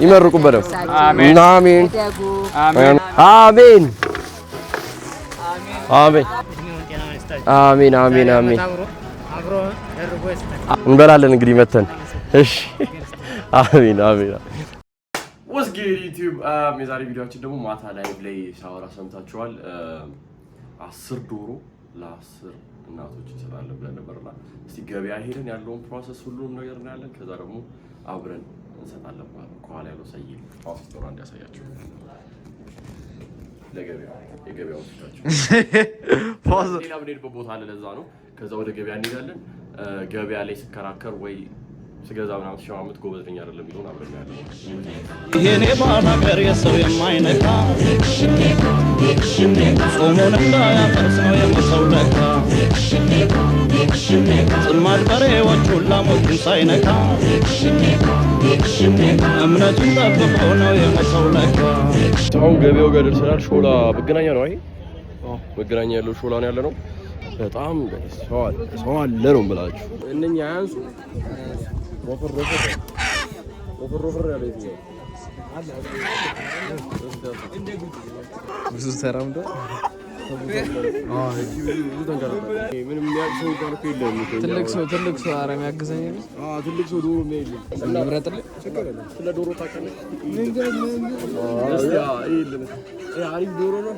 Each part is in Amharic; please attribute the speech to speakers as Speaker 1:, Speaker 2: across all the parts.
Speaker 1: ይመርቁ በደም አሜን አሜን አሜን አሜን አሜን አሜን። እንበላለን እንግዲህ መተን። እሺ አሜን አሜን። ወስጌ ዩቲዩብ um, የዛሬ ቪዲዮአችን ደግሞ ማታ ላይቭ ላይ ሳወራ ሰምታችኋል። um, አስር ዶሮ ለአስር እናቶች እንሰራለን ብለን ነበርና እስቲ ገበያ ሄደን ያለውን ፕሮሰስ ሁሉንም ነገር እናያለን። ከዛ ደግሞ አብረን እንሰጣለን ማለት ነው። ከኋላ ያለው ሰይ ኳስ ጦር አንድ ያሳያቸው ለገበያ የገበያ ወስዳቸው ሌላ ምንሄድበት ቦታ አለ። ለዛ ነው። ከዛ ወደ ገበያ እንሄዳለን። ገበያ ላይ ስከራከር ወይ ስገዛ ምናምን ሲሸማምት ጎበዝ ነኝ አይደለም የሚለውን አብረን ያለ ይሄኔ ባላገር የሰው የማይነካ ጾሙን እንዳያፈርስ ነው የምሰው ለካ ጽማድ በሬዎቹን ላሞቹን ሳይነካ እምነቱን ጠብቆ ነው የመሰው ለካ። አሁን ገበያው ጋር ደርሰናል። ሾላ መገናኛ ነው አይ መገናኛ ያለው ሾላ ነው ያለ ነው። በጣም ሰው አለ ነው ብላችሁ እነኛ አያንሱ ብዙ ተራምዷል። ምንም ሰው ትልቅ ሰው ትልቅ ሰው ኧረ የሚያግዘኝ ትልቅ ሰው ዶሮ የሚያይልኝ ስለ ዶሮ ታውቃለህ? አሪፍ ዶሮ ነው።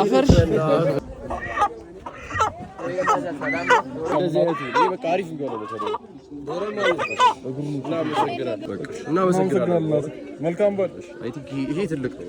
Speaker 1: አፈርሽ መልካም በል። ይሄ ትልቅ ነው።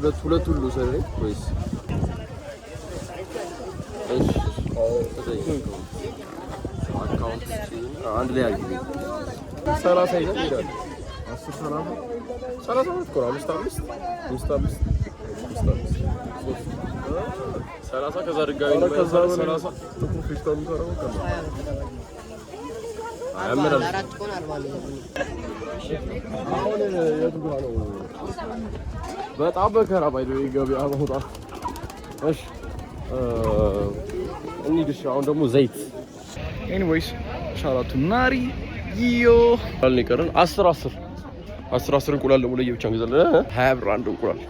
Speaker 1: ሁለት ሁለት ሁሉ ሰሬ ወይስ እሺ አካውንት አንድ ላይ ያዩ ሰላሳ ይዘን እንሄዳለን። አስር ሰላሳ ሰላሳ ሁለት እኮ ነው። አምስት አምስት አምስት አምስት ሰላሳ ከዛ ድጋሚ ሰላሳ ጥቁር ፌስታሉ ሰራው ከዛ አያምርም። አሁን የቱ ጋር ነው? በጣም በከራ ባይዶ ገበያ መውጣት። እሺ እንሂድ። እሺ አሁን ደግሞ ዘይት ኤኒዌይስ ሻራቱ ናሪ ዮ አልኔ ቀረን 10 10 አስር አስር እንቁላል ደግሞ ለየብቻ እንገዛለን። ሀያ ብር አንድ እንቁላል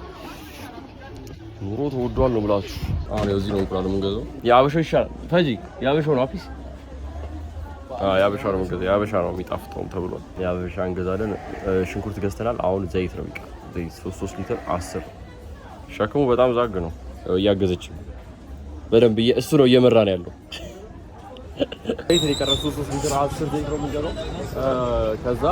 Speaker 1: ኑሮ ተወዷል ነው ብላችሁ። አሁን እዚህ ነው እንቁላል የምንገዛው። የአበሻው ይሻላል። ፈጂ የአበሻው ነው አፊስ የአበሻ ነው የሚጣፍጠውም ተብሏል። የአበሻ እንገዛለን። ሽንኩርት ገዝተናል። አሁን ዘይት ነው የሚቀር 3 ሊትር 10 ሸክሙ በጣም ዛግ ነው። እያገዘች በደንብ እሱ ነው እየመራ ነው ያለው። ከዛ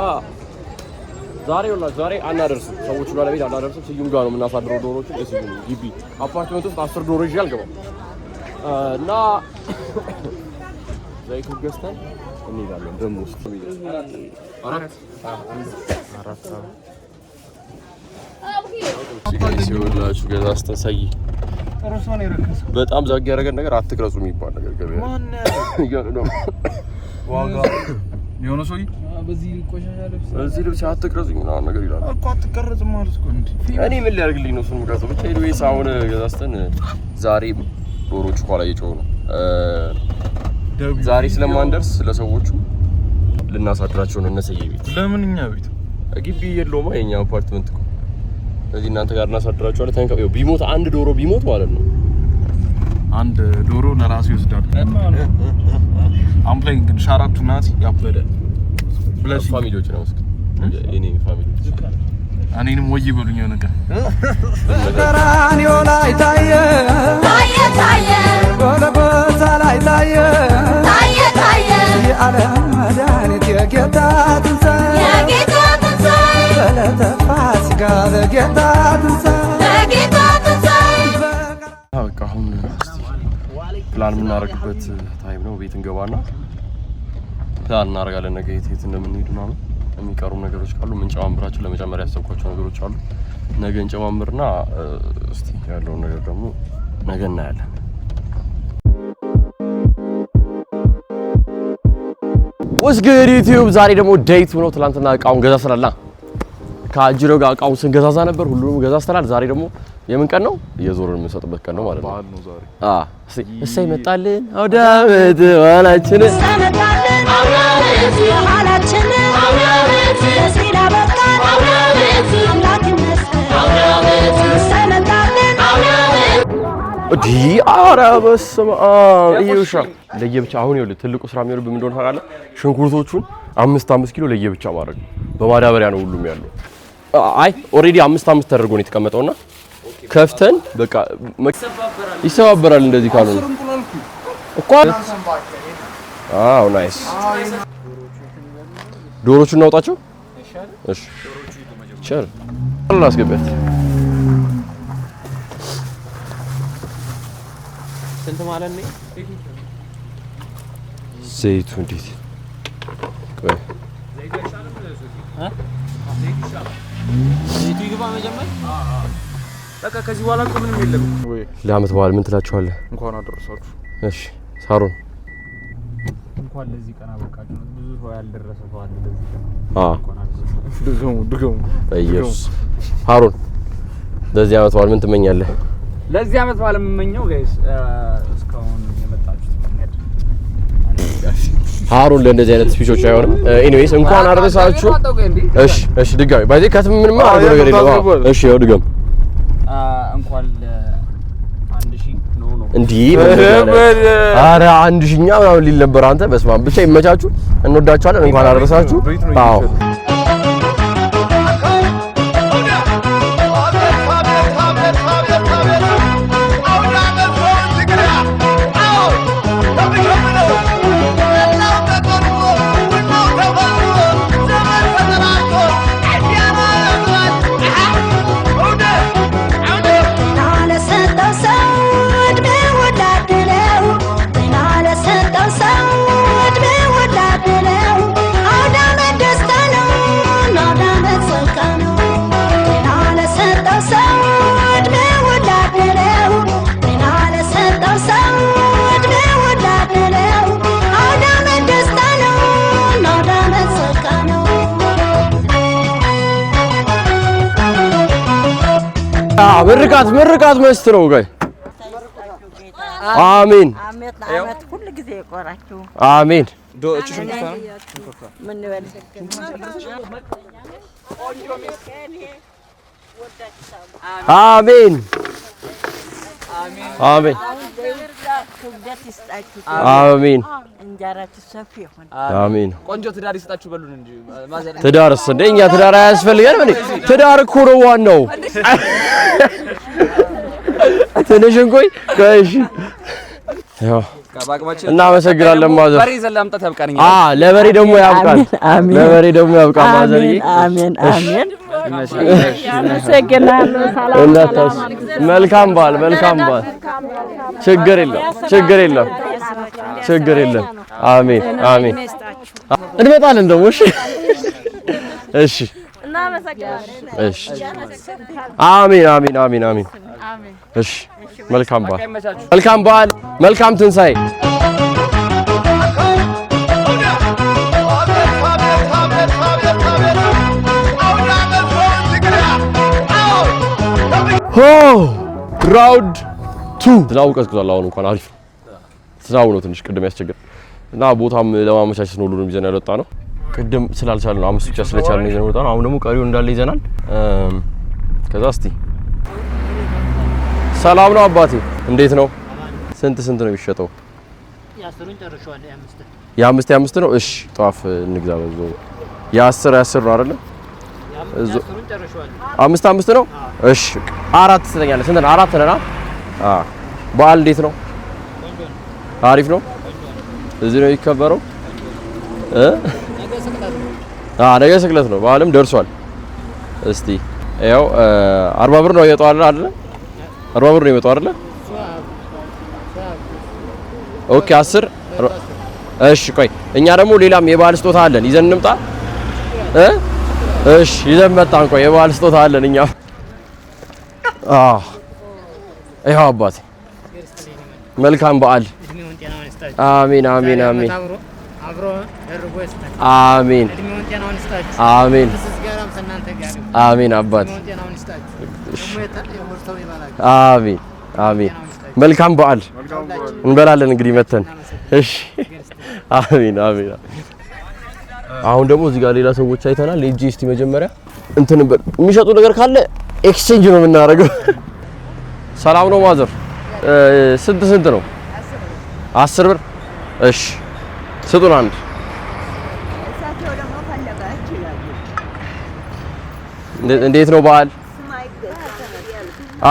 Speaker 1: ዛሬ ወላ ዛሬ አናደርስም፣ ሰዎቹ ባለቤት አናደርስም። ስዩም ጋር ነው የምናሳድረው ዶሮዎችን። የስዩም ግቢ አፓርትመንት ውስጥ አስር ዶሮ ይዤ አልገባም እና ዘይቱ ገዝተን እንሄዳለን። ደግሞ ውስጥ አራት አራት ሲወላችሁ ገዛ አስተሳይ በጣም ዛግ ያደረገን ነገር አትቅረጹ የሚባል ነገር በዚህ ልብስ ምናምን ነገር ይላል እኮ። አትቀረጽም ማለት እኮ እንደ እኔ ምን ሊያደርግልኝ ነው? እሱን ብቻ አሁን ገዛስተን ዛሬ ዶሮቹ ኋላ እየጮሁ ነው። ዛሬ ስለማንደርስ ለሰዎቹ ልናሳድራቸው ነው ቤት። ለምን እኛ ቤት ግቢ የለውማ የኛ አፓርትመንት እኮ ስለዚህ እናንተ ጋር እናሳድራችኋለን። ተንከ ቢሞት አንድ ዶሮ ቢሞት ማለት ነው አንድ ዶሮ ለራሱ ይወስዳል። አምፕላይ ግን ሻራቱ ናት ያበደ ብለሽ ፋሚሊዎች ነው እስኪ እኔ hmm? ፋሚሊዎች እኔንም ወይ ይበሉኝ የሆነ ቀን ቀራንዮ ላይ ታየ ታየ ታየ ጎልጎታ ላይ ታየ ታየ ታየ የዓለም መድኃኒት የጌታ ትንሣኤ የጌታ ትንሣኤ በጌታ በቃ አሁን ፕላን የምናደርግበት ታይም ነው። ቤት እንገባና ፕላን እናደርጋለን ነገ የት የት እንደምንሄድ ምናምን የሚቀሩ ነገሮች ካሉ የምንጨማምራቸው ለመጨመሪያ ያሰብኳቸው ነገሮች አሉ። ነገ እንጨማምርና እስቲ ያለውን ነገር ደግሞ ነገ እናያለን። ውስጥ ግን ዩቲዩብ ዛሬ ደግሞ ዴይት ብሎ ትናንትና እቃውን ገዛ ስላላ ከአጅሮ ጋር እቃውን ስንገዛዛ ነበር። ሁሉንም ገዛ ስተናል። ዛሬ ደግሞ የምን ቀን ነው? የዞርን የምንሰጥበት ቀን ነው ማለት ነው። እሰይ መጣልን አውደ ዓመት ዋላችን ዲ ኧረ በስመ አብ ይኸውልሽ፣ ለየብቻ አሁን ይኸውልህ፣ ትልቁ ስራ የሚሆን በምን እንደሆነ ታውቃለህ? ሽንኩርቶቹን አምስት አምስት ኪሎ ለየብቻ ማድረግ በማዳበሪያ ነው ሁሉም ያለው። አይ ኦሬዲ አምስት አምስት ተደርጎ ነው የተቀመጠውና ከፍተን በቃ ይሰባበራል። እንደዚህ ካሉ እኮ አዎ፣ ናይስ። ዶሮቹ እናውጣቸው። እሺ፣ ቸር አላስገባት። ስንት ማለት ነው ዘይቱ? እንዴት ቆይ በቃ ከዚህ በኋላ እኮ ምንም የለም። ለአመት በዓል ምን ትላችኋለህ? እንኳን አደረሳችሁ። እሺ ሳሩን እንኳን ለዚህ ቀን አበቃችሁ። ብዙ ሰው ያልደረሰ ሰው አለ ለዚህ ቀን። ድገሙ ድገሙ። ኢየሱስ ሳሩን ለዚህ አመት በዓል ምን ትመኛለህ? ለዚህ አመት በዓል የምመኘው ጋይስ እስካሁን ሀሩን ለእንደዚህ አይነት ስፒቾች አይሆንም። ኤኒዌይስ እንኳን አደረሳችሁ። እሺ፣ እሺ፣ ድጋሚ ባይ ዘይ ከትም ምንም አረገ ነገር የለም። እሺ፣ ያው ድጋሚ እንኳን እንዲህ ኧረ አንድ ሺኛ ምናምን ሊል ነበር። አንተ በስመ አብ ብቻ ይመቻችሁ። እንወዳችኋለን። እንኳን አደረሳችሁ። አዎ ምርቃት ምርቃት መስት ነው ጋይ አሜን አሜን። አሜን አሜን አሜን። አሜን። ቆንጆ ትዳር ይስጣችሁ በሉን እንጂ ትዳርስ እንደ እኛ ትዳር አያስፈልገንም። ትዳር እኮ ነው ዋናው። ትንሽ እንቆይ። እሺ ያው እናመሰግናለን ማዘር። ለበሬ ደግሞ ያብቃል። ለበሬ ደግሞ ያብቃል ማዘር። አሜን አሜን። መልካም በዓል፣ መልካም በዓል። ችግር የለም፣ ችግር የለም፣ ችግር የለም። አሜን አሜን። እንመጣለን ደግሞ እሺ፣ እሺ እሺ፣ አሚን አሚን አሚን አሜን። እሺ፣ መልካም በዓል፣ መልካም በዓል፣ መልካም ትንሣኤ። ሆ ራውንድ ቱ ዝናቡ ቀዝቅዟል። አሁን እንኳን አሪፍ ነው። ዝናቡ ነው ትንሽ ቅድም ያስቸግር እና ቦታም ለማመቻቸት ነው ሁሉንም ይዘን ያልወጣ ነው። ቅድም ስላልቻል ነው አምስት ብቻ ስለቻል ነው ይዘን ወጣ ነው። አሁን ደግሞ ቀሪው እንዳለ ይዘናል። ከዛ እስቲ ሰላም ነው አባቴ፣ እንዴት ነው? ስንት ስንት ነው የሚሸጠው? የአምስት የአምስት ነው። እሺ ጧፍ እንግዛ። በዞ የአስር የአስር ነው አይደለ? አምስት አምስት ነው። እሺ አራት ስለኛለ ስንት ነው? አራት ነና። አዎ በዓል እንዴት ነው? አሪፍ ነው። እዚህ ነው የሚከበረው እ ነገ ስቅለት ነው። በዓልም ደርሷል። እስቲ ያው አርባ ብር ነው የወጣው አይደል? አርባ ብር ነው የወጣው አይደል? ኦኬ፣ አስር እሺ። ቆይ እኛ ደግሞ ሌላም የበዓል ስጦታ አለን፣ ይዘን እንምጣ እሺ ይዘን መጣን። ቆይ የበዓል ስጦታ አለን እኛ። አህ ይኸው አባቴ መልካም በዓል። አሚን አሚን አሚን። አብሮ ደርጎ አሜን። እድሜውን ጤናውን ይስጣችሁ። አሜን። ከእናንተ ጋር አሜን። አባት ጤናውን ይስጣችሁ። አሜን። አሜን። መልካም በዓል እንበላለን እንግዲህ መተን። እሺ። አሜን። አሜን። አሁን ደግሞ እዚህ ጋር ሌላ ሰዎች አይተናል። እጂ እስቲ መጀመሪያ እንትን የሚሸጡ ነገር ካለ ኤክስቼንጅ ነው የምናደርገው። ሰላም ነው ማዘር። ስንት ስንት ነው? አስር ብር እሺ ስጡን አንድ እንዴት ነው በዓል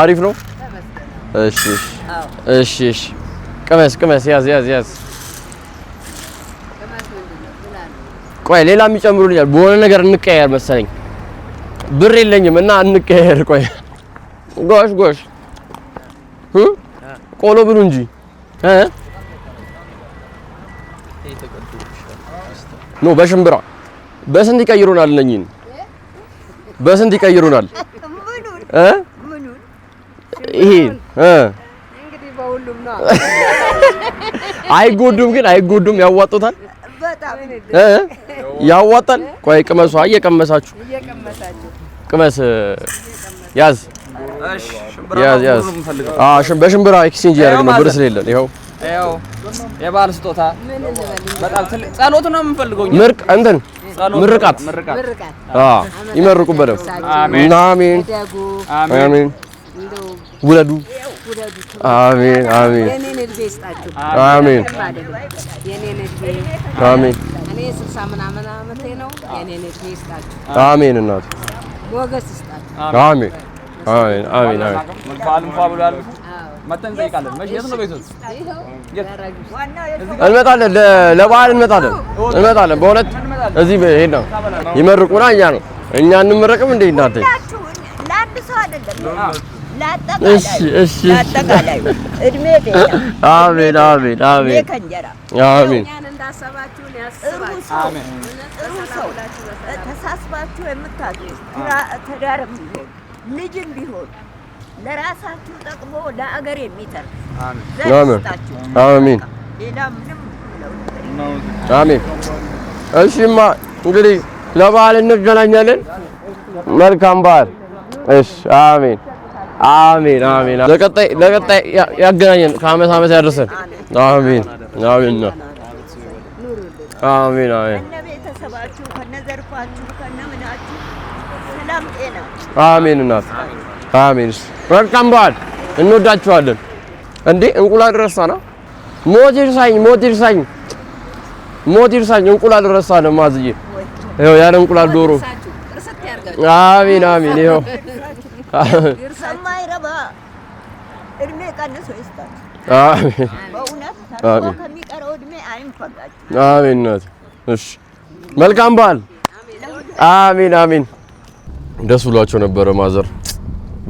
Speaker 1: አሪፍ ነው እሺ እሺ እሺ ቅመስ ቅመስ ያዝ ያዝ ያዝ ቆይ ሌላ የሚጨምሩልኛል በሆነ ነገር እንቀያየር መሰለኝ ብር የለኝም እና እንቀያየር ቆይ ጎሽ ጎሽ ቆሎ ብሉ እንጂ ኖ በሽምብራ በስንት ይቀይሩናል? እነኚህን በስንት ይቀይሩናል? እ ይሄን እ አይጎዱም ግን አይጎዱም። ያዋጡታል፣ ያዋጣል። ቆይ ቅመሱ። አይ እየቀመሳችሁ ቅመስ፣ ያዝ፣ ያዝ፣ ያዝ። አሽም በሽምብራ ኤክስቼንጅ ያደረግነው ብር ስለሌለን ይኸው የባህል ስጦታ በጣም ትልቅ ጸሎት ነው የምንፈልገው። ምርቅ እንትን ምርቃት ይመርቁ በደም አሜን፣ አሜን፣ አሜን። ውለዱ፣ አሜን፣ አሜን፣ አሜን፣ አሜን። አሜን። እናት ሞገስ ይስጣችሁ። አሜን፣ አሜን፣ አሜን። አሜን። መተን እንጠይቃለን። መቼ የት ነው ቤቱን? እንመጣለን፣ ለበዓል እንመጣለን፣ እንመጣለን። በእውነት እዚህ ሄድ ነው ይመርቁና እኛ ነው እኛ እንመረቅም እንዴ እናንተ ለአንድ ሰው አሜን አሜን አሜን አሜን ተሳስባችሁ የምታገኙ ትዳርም ቢሆን ልጅም ቢሆን ለራሳችሁ ጠቅሞ ለአገር የሚተርፍ አሜን። አሜን። እሺማ እንግዲህ ለበዓል እንገናኛለን። መልካም በዓል። እሺ። አሜን አሜን አሜን። ለቀጣይ ለቀጣይ ያገናኘን ያደርሰን። አሜን አሜን አሜን አሜን። ከነዘርፋችሁ ከነምናችሁ ሰላም ጤና። አሜን እናት አሜን። መልካም በዓል። እንወዳችኋለን። እንዴ እንቁላል ረሳና ሞቲር ሳኝ ሞቲር ሳኝ ሞቲር ሳኝ እንቁላል ረሳነ ማዝዬ ይኸው ያለ እንቁላል ዶሮ አሚን አሚን። ይኸው አሚን እሺ መልካም በዓል። አሚን አሚን። ደስ ብሏቸው ነበረ ማዘር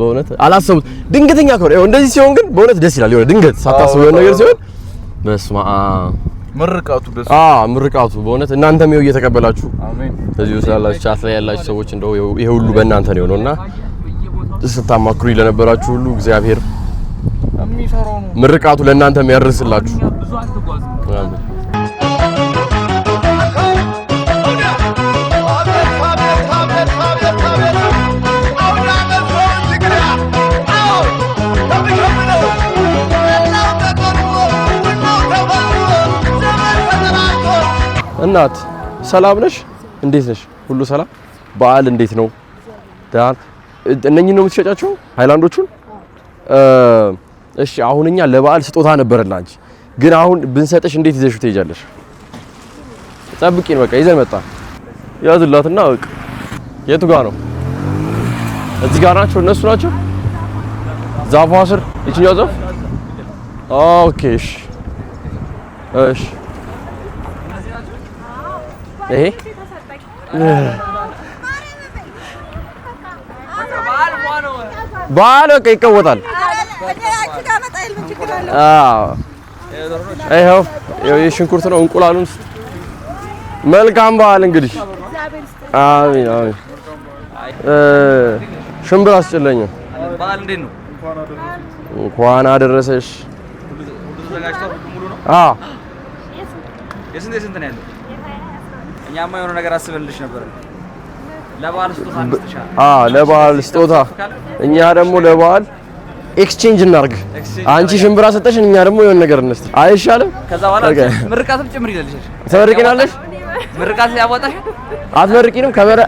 Speaker 1: በእውነት አላሰቡት። ድንገተኛ ከሆነ እንደዚህ ሲሆን ግን በእውነት ደስ ይላል። የሆነ ድንገት ሳታስቡ የሆነ ነገር ሲሆን በስመ አብ ምርቃቱ ደስ አዎ፣ ምርቃቱ በእውነት እናንተም ይኸው እየተቀበላችሁ አሜን። እዚህ ስላላችሁ ቻት ላይ ያላችሁ ሰዎች እንደው ይሄ ሁሉ በእናንተ ነው የሆነውና ስታማክሩ ለነበራችሁ ሁሉ እግዚአብሔር ምርቃቱ ለእናንተም ያደርስላችሁ። እናት ሰላም ነሽ? እንዴት ነሽ? ሁሉ ሰላም? በዓል እንዴት ነው? ዳን እነኚህ ነው የምትሸጫቸው ሃይላንዶቹን? እሺ አሁን እኛ ለበዓል ስጦታ ነበር ላንቺ፣ ግን አሁን ብንሰጥሽ እንዴት ይዘሽው ትሄጃለሽ? ጠብቂን በቃ ይዘን መጣ ያዝላትና እቅ የቱ ጋ ነው? እዚህ ጋር ናቸው እነሱ ናቸው። ዛፏ ስር ይችኛው ዛፍ ኦኬ። እሺ እሺ ይሄ በዓል በቃ ይቀወጣል። ይኸው የሽንኩርት ነው እንቁላሉን። መልካም በዓል እንግዲህ። አሚን አሚን። ሽምብራ አስጨለኝ። እንኳን አደረሰሽ። አዎ እኛማ የሆነ ነገር አስበልሽ ነበር። ለበዓል ስጦታ አ ለበዓል ስጦታ እኛ ደግሞ ለበዓል ኤክስቼንጅ እናርግ። አንቺ ሽምብራ ሰጠሽን፣ እኛ ደግሞ የሆነ ነገር እንስጥ አይሻልም? ከዛ በኋላ ምርቃትም ጭምር ይለልሽ። ትመርቂናለሽ? ምርቃት ያዋጣሽ አትመርቂንም? ከመረ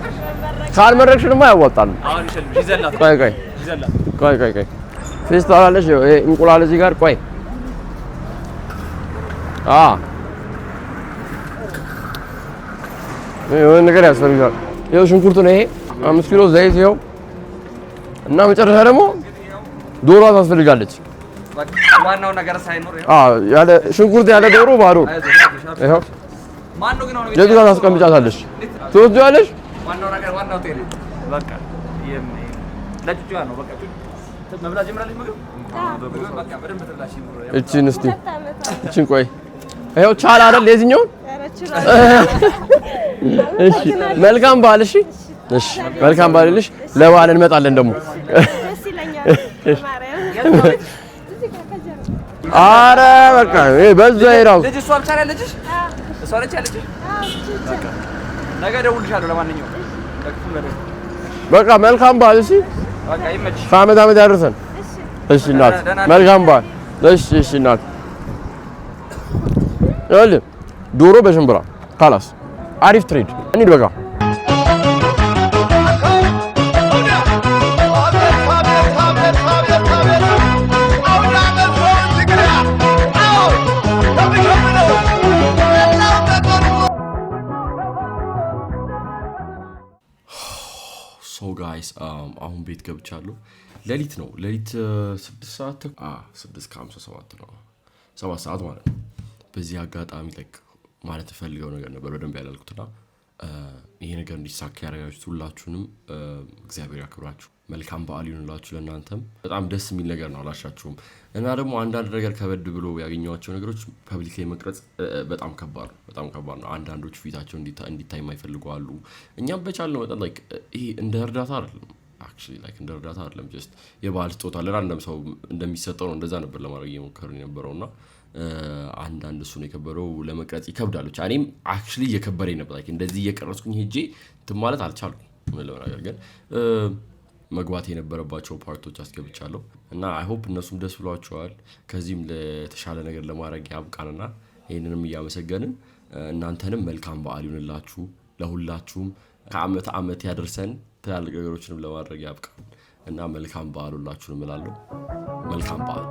Speaker 1: ካልመረቅሽ ድማ ያዋጣል። ቆይ ቆይ ቆይ ቆይ ቆይ ፌስታል አለሽ? እንቁላል እዚህ ጋር ቆይ። አ የሆነ ነገር ያስፈልጋል። ይኸው ሽንኩርት ነው ይሄ አምስት ኪሎ ዘይት ይኸው እና መጨረሻ ደግሞ ዶሮ ታስፈልጋለች። ሽንኩርት ያለ ዶሮ ባዶ። የቱ ጋር ታስቀምጫታለሽ? ትወስጂዋለሽ። ይቺን እስኪ ይቺን ቆይ ይኸው ቻል አይደል? የዚህኛውን እሺ፣ መልካም በዓል። እሺ፣ እሺ፣ መልካም በዓል ይልሽ። ለበዓል እንመጣለን ደግሞ። አረ በቃ ይሄ በዛ ይራው ልጅ እሷ ብቻ ልጅሽ እሷ ልጅ ያለችሽ ነገ እደውልልሻለሁ። ለማንኛውም በቃ መልካም በዓል። እሺ፣ በቃ ይመችሽ። ከዓመት ዓመት ያደርሰን። እሺ እናት፣ መልካም በዓል። እሺ፣ እሺ እናት ይኸውልህ ዶሮ በሽምብራ ካላስ አሪፍ ትሬድ እንሂድ በቃ ጋይስ አሁን ቤት ገብቻለሁ። ሌሊት ነው። ሌሊት uh, ስድስት ሰዓት uh, ስድስት ከሀምሳ ሰባት ነው ሰባት ሰዓት ማለት ነው። በዚህ አጋጣሚ ላይክ ማለት ፈልገው ነገር ነበር በደንብ ያላልኩትና ይሄ ነገር እንዲሳካ ያደረጋችሁት ሁላችሁንም እግዚአብሔር ያክብራችሁ። መልካም በዓል ይሁንላችሁ። ለእናንተም በጣም ደስ የሚል ነገር ነው፣ አላሻችሁም። እና ደግሞ አንዳንድ ነገር ከበድ ብሎ ያገኘኋቸው ነገሮች ፐብሊክ ላይ መቅረጽ በጣም ከባድ ነው፣ በጣም ከባድ ነው። አንዳንዶች ፊታቸው እንዲታይ የማይፈልጉ አሉ። እኛም በቻልነው መጠን ይሄ እንደ እርዳታ አይደለም አክቹዋሊ ላይክ እንደ እርዳታ አይደለም ጀስት የባህል ስጦታ ለራንደም ሰው እንደሚሰጠው ነው። እንደዛ ነበር ለማድረግ የሞከርን የነበረው እና አንዳንድ እሱን የከበረው ለመቅረጽ ይከብዳሉ። እኔም አክቹዋሊ እየከበረኝ ነበር። ላይክ እንደዚህ እየቀረጽኩኝ ሄጄ እንትን ማለት አልቻልኩም። ነገር ግን መግባት የነበረባቸው ፓርቶች አስገብቻለሁ እና አይ ሆፕ እነሱም ደስ ብሏቸዋል። ከዚህም ለተሻለ ነገር ለማድረግ ያብቃንና ይህንንም እያመሰገንን እናንተንም መልካም በዓል ይሁንላችሁ ለሁላችሁም ከአመት አመት ያደርሰን። ትላልቅ ነገሮችንም ለማድረግ ያብቃል እና መልካም በዓል ሁላችሁን እላለሁ። መልካም በዓል